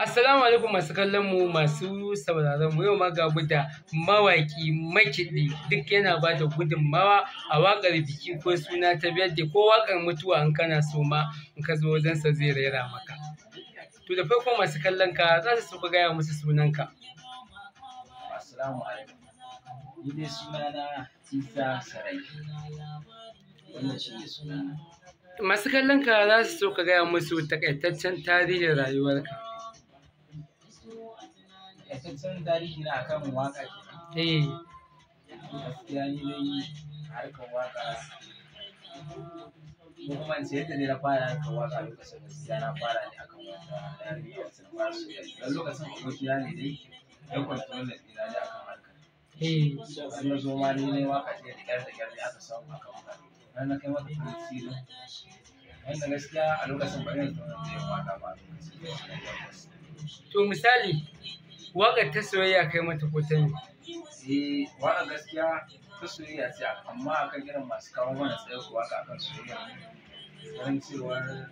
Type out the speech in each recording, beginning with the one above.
Assalamu alaikum masu kallon mu masu sauraron mu yau ma ga da mawaki makiɗi duk yana ba da gudunmawa a wakar biki ko suna ta biyar da ko wakar mutuwa in kana so ma in ka zo wajen sa zai rera maka. To da farko masu kallon ka za su ga gaya musu sunan ka. Assalamu alaikum. Ni dai sunana Isa Sarai. Wannan shi ne sunana. Masu kallon ka za su so ka gaya musu takaitaccen tarihin rayuwarka. ka san tarihi na akan waka ke eh gaskiya ni dai harkar waka ko kuma in sai da fara harkar waka lokacin gaskiya na fara ne akan wata yarinya ta fara soyayya dan lokacin abokiya ne dai dan control da dina ne akan harkar eh na zo ma ni ne waka ce da gar da gar ne aka samu akan waka dan na kai mata tsiri wanda gaskiya a lokacin bayan da ya waka ba to misali waƙar ta soyayya kai mata ko ta yi eh waƙar gaskiya ta soyayya ce amma akan irin masu kawo mana tsaye ku waƙa akan soyayya Wani cewar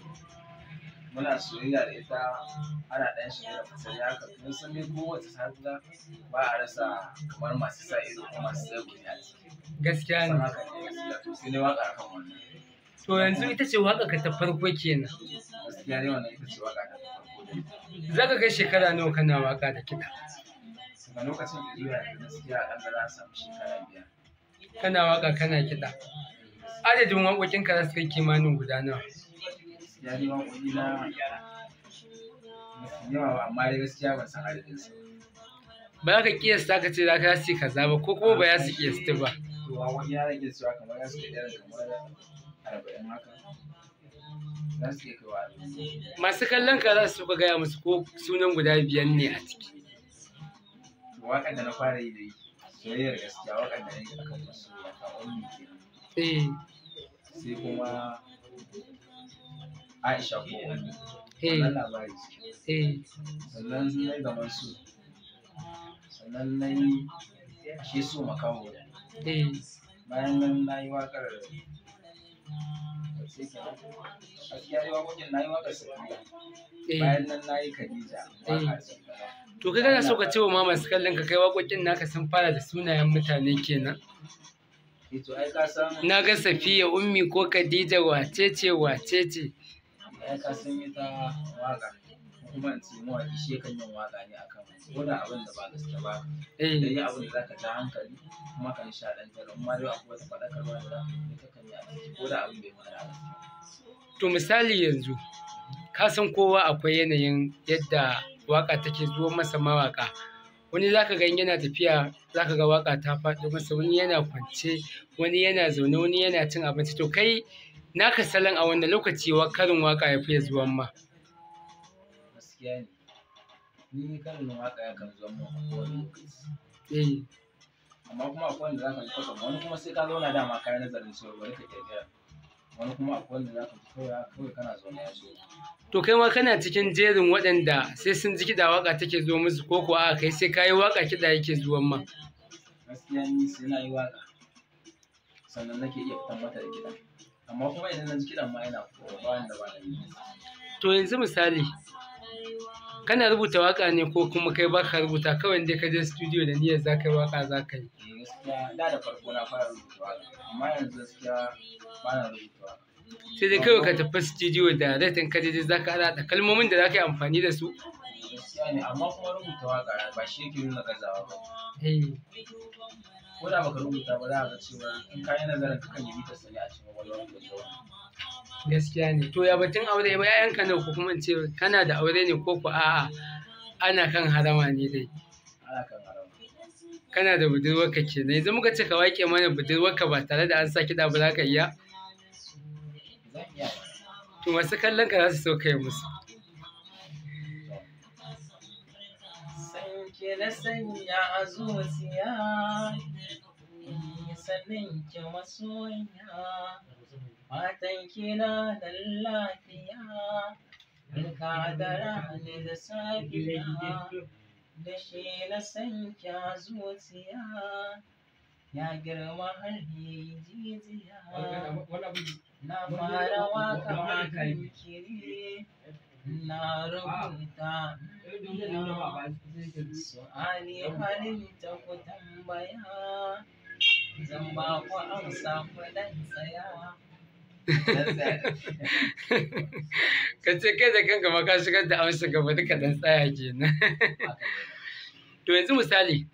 muna soyayya da ita ana ɗan shi da fasari haka kuma san dai kowace safiya ba a rasa kamar masu sa ido ko masu tsaye ko ya ce. ciki gaskiya ne haka ne gaskiya to sai ne waƙa wannan to yanzu ita ce waƙa ka ta farko kenan gaskiya ne wannan ita ce waƙa ta farko za ka kai shekara nawa kana waka da kiɗa daga lokacin da zuwa da gaskiya an ga za a samu shekara biyar kana waka kana kiɗa adadin waƙoƙin ka za kimanin gudanar. ya ni waƙoƙi na yawa ba amma dai gaskiya ban san adadin su ba za ka kiyasta ka ce za ka yi kaza ba ko kuma ba ya su kiyasta ba to wani ya rage su kamar ya su kai irin kamar arba'in haka masu kallon ka za su taɓa gaya musu ko sunan guda biyan ne a ciki waƙar da na fara yi da yi soyayyar gaskiya waƙar da na yi su masu wata omi ke sai kuma aisha ko omi wannan eh. labari eh. sannan na yi gaban su sannan na yi ashe su makaho eh. bayan nan na yi waƙar Eh. Eh. To kai kana so ka ce wa mama su kallon ka kai waƙoƙin naka sun fara da sunayen mutane kenan. Eh na ga Safiya Ummi ko Khadija wacece-wacece kuma in ce mawaƙi shi yakan yin waƙa ne akan ko da abin da ba gaske ba eh da yi abin da zaka ja hankali kuma ka nishaɗantar amma dai akwai wata faɗakarwa da zaka yi kakan yi a ciki ko da abin bai mara gaske to misali yanzu ka san kowa akwai yanayin yadda waƙa take zuwa masa mawaƙa wani zaka ga yana tafiya zaka ga waƙa ta faɗo masa wani yana kwance wani yana zaune wani yana cin abinci to kai naka salon a wanda lokaci wa karin waƙa ya fiye zuwan ma gaskiya ne ni karin waka ya kan zama wani lokaci eh. amma kuma akwai wanda za ka ji kwasa wani kuma sai ka zauna dama ka yi nazarin sau bari ka tafiya wani kuma akwai wanda za ka ji kawai kana zauna ya zo to kai ma kana cikin jerin waɗanda sai sun ji kiɗa waka take zuwa musu ko kuwa a kai sai ka yi waka kiɗa yake zuwa ma gaskiya ni sai na yi waka sannan nake iya fitan mata da kiɗa amma kuma idan na ji kiɗan ma yana kowa ba da ba da to yanzu misali kana rubuta waka ne ko kuma kai baka rubuta kawai dai ka je studio da niyyar za ka yi waka za ka yi eh, gaskiya da da farko na fara rubuta amma yanzu gaskiya ba na rubuta sai dai kawai ka tafi studio da ratin ka je za ka haɗa kalmomin da za ka yi amfani da su gaskiya ne amma kuma rubuta waka ba shi yake nuna gazawa ba eh. ko da baka rubuta ba za ka ga cewa in ka yi nazarin kakan yi ta sani a cikin wani wani da gaskiya ne to ya batun aure ba yayan ka ne ko kuma ce kana da aure ne ko ku a'a ana kan harama ne dai kana da budurwarka kenan yanzu muka ce ka wake mana budurwarka ba tare da an sa kiɗa ba za ka iya to masu kallon ka za su so kai musu ke na sanya a zuciya sannan ke masoya Matan kina da lafiya, Ilka da rani da safiya, da shi na san kya zuciya, ya girma har yi jijiya. Na fara waka hakan kiri, na rubuta su ali halin ta ku tambaya, zan ba ku amsa ku dan tsaya. ka ce kai da kanka ma ka shigar da amsa gaba duka dan tsaya kenan to yanzu misali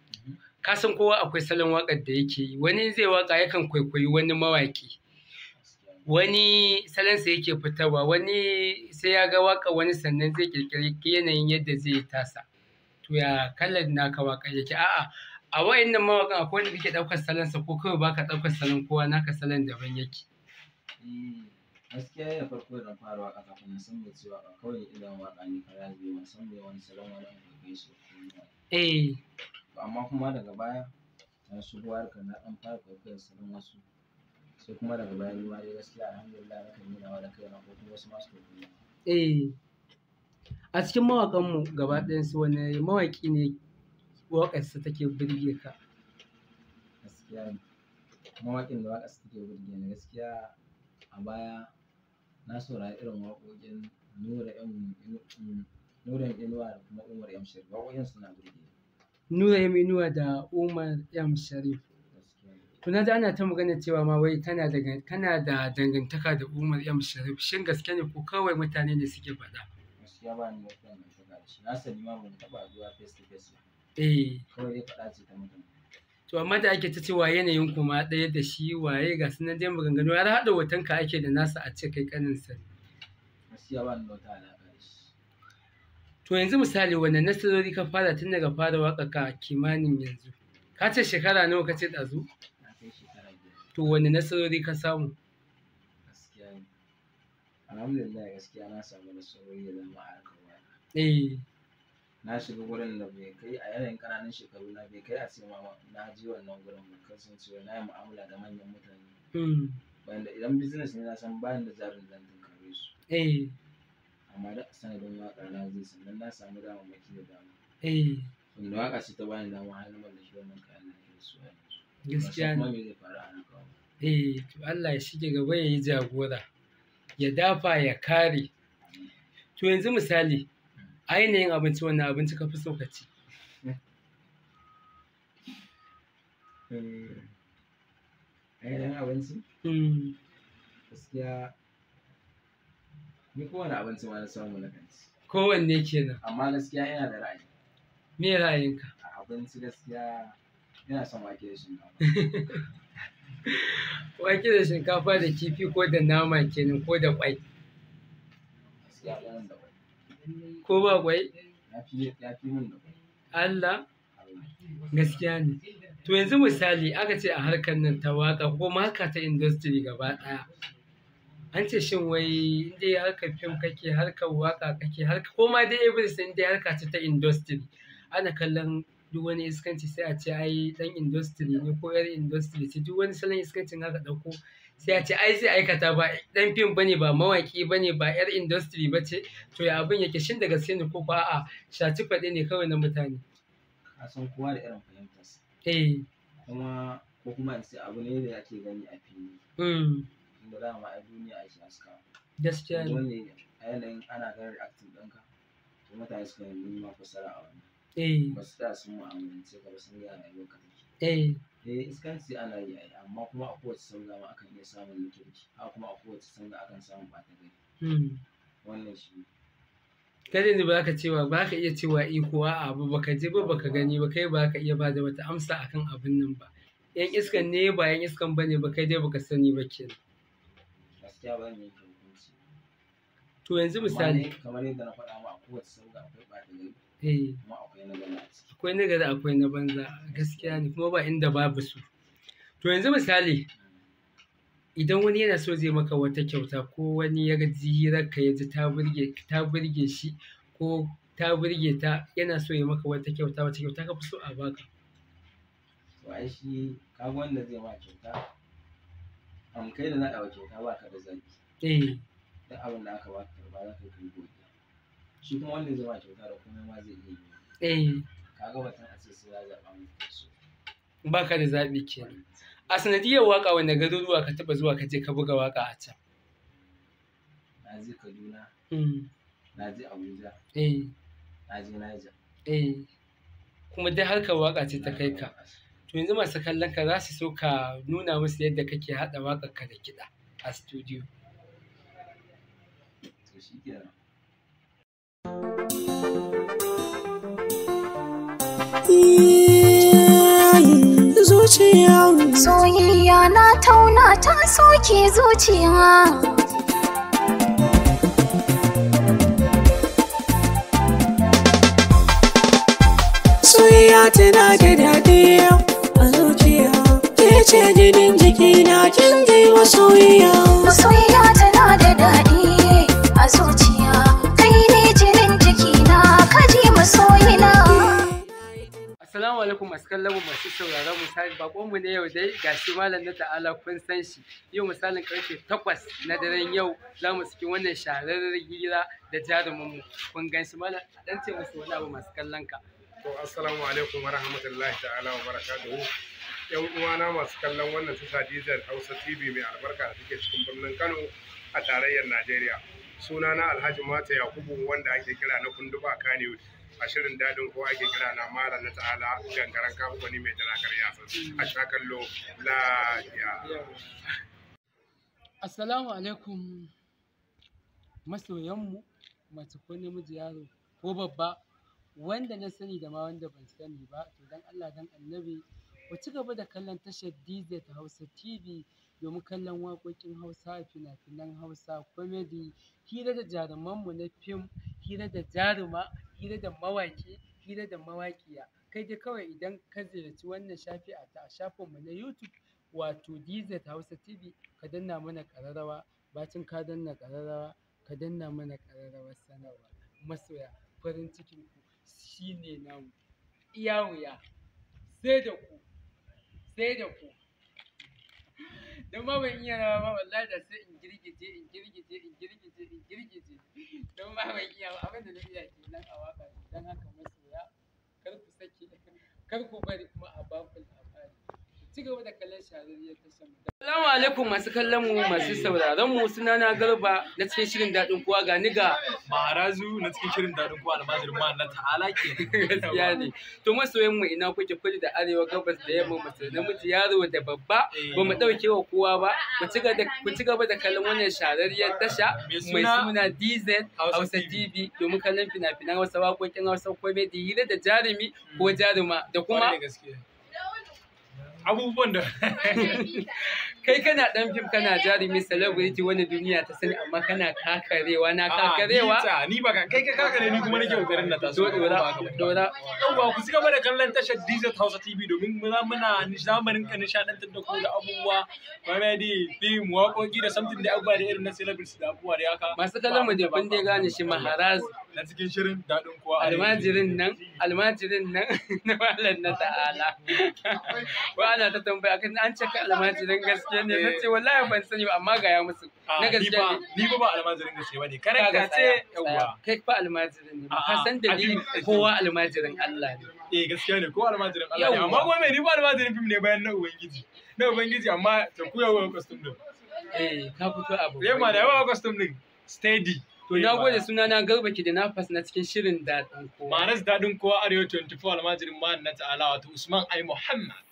ka san kowa akwai salon waƙar da yake yi wani zai waƙa yakan kwaikwayi wani mawaƙi wani salansa yake fitarwa wani sai ya ga waka wani sannan zai kirkiri yanayin yadda zai tasa to ya kallon naka waka yake a'a a wayannan mawakan akwai wanda kake daukar salonsa ko kawai baka daukar salon kowa naka salon daban yake Eh, gaskiya yana farko da fara waƙa kafin na san mai cewa ba kawai idan waƙa ne kara zai ban san mai wani salon wani abu da gaishe eh amma kuma daga baya na shigo harkar na ɗan fara kwaikwayon salon wasu sai kuma daga baya ni ma dai gaskiya alhamdulillah na kan nuna da kaina ko kuma wasu masu kwaikwayo eh a cikin mawaƙan mu gaba ɗayan su wani mawaƙi ne waƙar sa take birge ka gaskiya mawaƙin da waƙar waƙarsa take birge ni gaskiya a baya na saurari irin waƙoƙin Nura M Nura Inuwa da kuma Umar M Sharif waƙoƙin suna burge Nura M Inuwa da Umar M Sharif to na ji ana ta magana cewa ma wai kana da kana da dangantaka da Umar M Sharif shin gaske ne ko kawai mutane ne suke faɗa gaskiya ba ni da dangantaka da shi na sani ma ban taɓa zuwa face to face ba eh kawai dai faɗa ce ta mutane to amma da ake ta cewa yanayin kuma ɗaya da shi waye ga su nan dai maganganu har haɗa watan ka ake da nasa a ce kai kanin sa to yanzu misali wanne nasarori ka fara tun daga fara waka ka kimanin yanzu ka ce shekara nawa ka ce ɗazu to wanne nasarori ka samu alhamdulillah gaskiya na samu nasarori da dama a harkar waka eh. na shiga gurin da bai kai a yanayin ƙananan shekaru na bai kai a ce ma na ji wannan gurin ba kasancewa na yi mu'amala da manyan mutane hmm. bayan idan business ne na san bayan da jarin zan tunkare su eh. amma da sanadin waƙa na zai sannan na samu damammaki da dama wanda eh. waƙa ce ta bani dama har na da shi wannan kayan da ke su gaskiya ne zai faru a nan eh to Allah ya shige gaba ya yi jagora ya dafa ya kare to yanzu misali ainihin abinci wannan abinci ka fi so ka ci eh, Ainihin abinci hmm. gaskiya ni kowane abinci ma na samu na kanci kowanne kenan amma gaskiya yana da ra'ayi me ra'ayinka abinci gaskiya yana son wake da shinkafa wake da shinkafa da kifi ko da nama kenan ko da ƙwai. gaskiya da kwai ko ba kwai Allah gaskiya ne to yanzu misali aka ce a harkar nan ta waka ko maka ta industry gaba ɗaya an ce shin wai ya harkar fim kake harkar waka kake harkar ko ma dai everything dai harka harkar ta industry ana kallon duk wani iskanci sai a ce ai dan industry ne ko yar industry ce duk wani salon iskancin haka ɗauko sai a ce ai zai aikata ba dan fim bane ba mawaki bane ba yar industry ba ce to ya abin yake shin da gaske ne ko ba a shaci fade ne kawai na mutane a san kowa da irin fahimtar? eh kuma ko kuma in sai abu ne da ake gani a fili mm da dama a duniya ake aska gaskiya ne wanda a yanayin ana ganin acting ɗinka to mutane suka yi ma fasara a wannan eh ba su da sun mu'amalance ka ba sun gaya rayuwar ka eh eh ana yi amma kuma a kowace sauga ma akan iya samun haka kuma a kowace akan samun ɓata gari hmm. wannan shi kada ne ba ka cewa ba ka iya cewa iko a abu ba ka je ba ka gani ba kai ba ka iya ba da wata amsa akan abin nan ba yan iskan ne ba yan iskan ba ne ba kai dai ba ka sani ba kenan gaskiya ba ne to yanzu misali kamar yadda na faɗa ma a kowace akwai ɓata gari Eh. akwai na gari akwai na banza gaskiya ne kuma ba inda babu su to yanzu misali idan wani yana so zai maka wata kyauta ko wani ya ji hirarka ya ji ta burge shi ko ta burge ta yana so ya maka wata kyauta wata kyauta ka fi so a baka to ai shi ka wanda zai ma kyauta am kai da na kyauta ba ka da zaki eh duk abin da aka ba ka ba za ka kai gobe shi kuma wannan zama kyauta da kuma ma zai iya yi eh kaga batun a ce sai ya zaɓa mu so ba ka da zaɓi kenan a sanadiyar waƙa wanda garuruwa ka taɓa zuwa ka je ka buga waƙa a can na je kaduna hmm. na je abuja eh. na je naija eh. kuma dai harkar waƙa ce ta kai ka to yanzu masu kallon ka za su so ka nuna musu yadda kake haɗa waƙar ka da kiɗa a studio to Soyayya na tauna ta soke zuciya. soyayya tana da daɗi a zuciya ke ce jinin jiki na kin gaiwa soyayya soyayya tana da daɗi a zuciya alaikum masu kallon masu sauraron misali bakon mu ne yau dai gashi malam na ta'ala kun san shi yau misalin karfe takwas na daren yau za mu cikin wannan shahararren gira da jarumin mu kun gan shi malam dan ce musu wani abu masu kallon ka to assalamu alaikum wa rahmatullahi ta'ala wa barakatuhu yan uwana masu kallon wannan tasha dizar Hausa TV mai albarka da take cikin birnin Kano a tarayyar Najeriya sunana Alhaji Mata Yakubu wanda ake kira na Kunduba Kanewood a shirin dadin kowa ake kira na mara na ta'ala gangaren kamfani mai jirakar yasar a sha kallo lafiya assalamu alaikum masoyanmu mace ko namiji yaro ko babba wanda na sani da ma wanda ban sani ba to dan Allah dan annabi ku ci gaba da kallon tashar dj ta Hausa TV domin kallon waƙoƙin Hausa fina-finan Hausa comedy hira da mu na fim hira da jaruma hira da mawaƙi hira da mawaƙiya kai dai kawai idan ka ziyarci wannan shafi a ta mu na youtube wato dz hausa tv ka danna mana ƙararrawa bacin ka danna ƙararrawa ka danna mana ƙararrawar sanarwa masoya farin cikin ku shine namu iya wuya sai da ku sai da ku don ba ban iya rawa ba wallahi da sai in girgije in girgije in girgije in girgije don ba ban iya ba abinda na iya kenan a waka don haka masoya kar ku sake kar ku bari kuma a bakul Salamu alaikum masu kallon mu masu sauraron mu suna na garba na cikin shirin daɗin kowa ga ni ga Maharazu na cikin shirin daɗin kowa almajirin ma na ta'ala ke gaskiya ne to masoyan mu ina kuke kudu da arewa gabas da yamma masu miji yaro da babba eh. ba mu ɗauke wa kowa ba ku ci gaba da kallon wannan shararriyar tasha mai suna DZ Hausa TV domin kallon fina-finan wasu waƙoƙin Hausa comedy hira da jarumi ko jaruma da kuma abubuwan da kai kana dan fim kana jarumi celebrity wani duniya ta sani amma kana kakarewa na ah, kakarewa ni ba kai ka kakare ni kuma nake kokarin na taso dora dora yawa ku cigaba da kallon tashar Dizel Hausa TV domin mu za muna zamanin ka nishadantar da ku da abubuwa comedy film waƙoƙi da something da abubuwa da irin na celebrity da abubuwa da haka masu kallon mu da kun dai gane shi maharaz na cikin shirin daɗin kowa almajirin nan almajirin nan na malam na ta'ala ba ana ta tambaya akan an cika almajirin gaske ne na ce wallahi ban sani ba amma ga ya musu na gaske ne ni ba ba almajirin gaske ba ne karen ka ce kai fa almajirin ne ka san da ni kowa almajirin Allah ne eh gaskiya ne kowa almajirin Allah ne amma kuma me ni ba almajirin fim ne bayan na ubangiji na ubangiji amma ta kuyawa custom din eh ka fito abu yawa da yawa custom din steady Na gode suna na garba ki da na fas na cikin shirin daɗin kowa. Maras daɗin kowa Arewa 24 almajirin ma'an na ta'ala wato Usman Ai Muhammad.